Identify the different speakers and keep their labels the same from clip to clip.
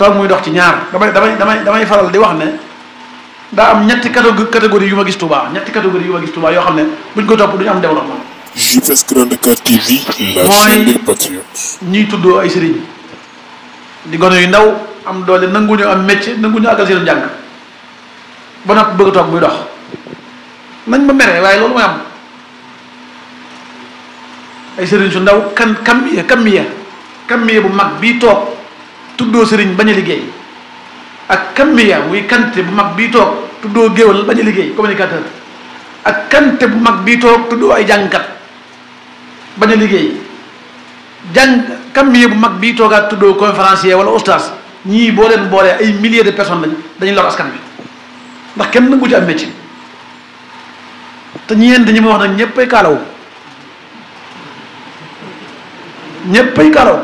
Speaker 1: toog muy dox ci ñaar damay damay damay damay faral di wax ne daa am ñetti catégorie yu ma gis Touba ñetti catégorie yu ma gis Touba yoo xam ne buñ ko topp duñu am développement. JPS Grand Dakar TV. la chaîne des patriotes ñuy tuddoo ay sëriñ di gone yu ndaw am doole nanguñu am métier nanguñu àggal seen jàng ba noppi bëgg a toog muy dox nañ ma meree waaye loolu mooy am ay sëriñ su ndaw kan kam kam miya bu mag bii toog. tuddoo sëriñ bañ a liggéey ak kambiya muy kante bu mag bii toog Akan géwal bañ a liggéey communicateur ak kante bu mag bii toog tuddoo ay jàngkat bañ a liggéey jàng kambiya bu mag bii toogaat tuddoo conférencier wala oustaz ñii boo leen boolee ay milliers de personnes lañ dañuy lor askan bi ndax kenn nangu ci am métier te ñeent ñi wax nag ñëppay kaalaw ñëppay kaalaw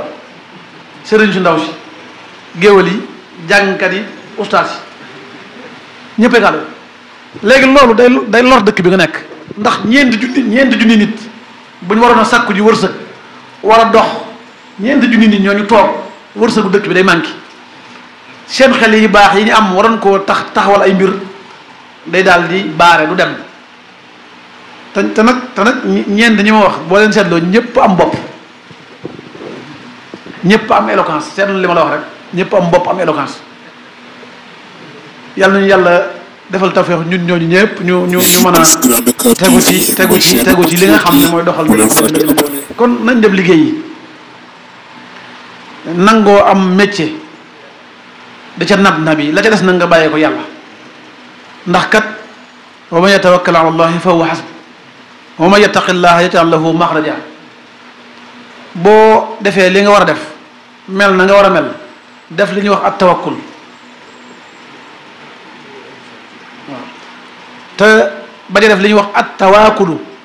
Speaker 1: sëriñ su ndaw si géwal yi jàngkat yi ustaas yi ñëppay gàllu léegi loolu day day lor dëkk bi nga nekk ndax ñeenti junni ñeenti junni nit bu ñu waroon a sàkku ji wërsëg war a dox ñeenti junni nit ñoo ñu toog wërsëgu dëkk bi day manqué seen xel yi baax yi ñu am waron koo tax taxawal ay mbir day daal di baare du dem te te nag te nag ñeent ñi wax boo leen seetloo ñëpp am bopp ñëpp am éloquence seetlu li ma la wax rek ñëpp am bopp am éloquence yàlla nañu yàlla defal tawfeex ñun ñooñu ñëpp ñu ñu ñu mën a tegu ci tegu ci tegu ci li nga xam ne mooy doxal bi kon nañ dem liggéey yi nangoo am métier da ca nab nab yi la ca des na nga bàyyee ko yàlla ndax kat wa man yatawakkal ala allahi fa huwa xasbu wa man yattaqi llaha yaj'al lahu maxraja boo defee li nga war a def mel na nga war a mel def li ñuy wax at tawakkul waaw te bañ def li ñuy wax at tawaakulu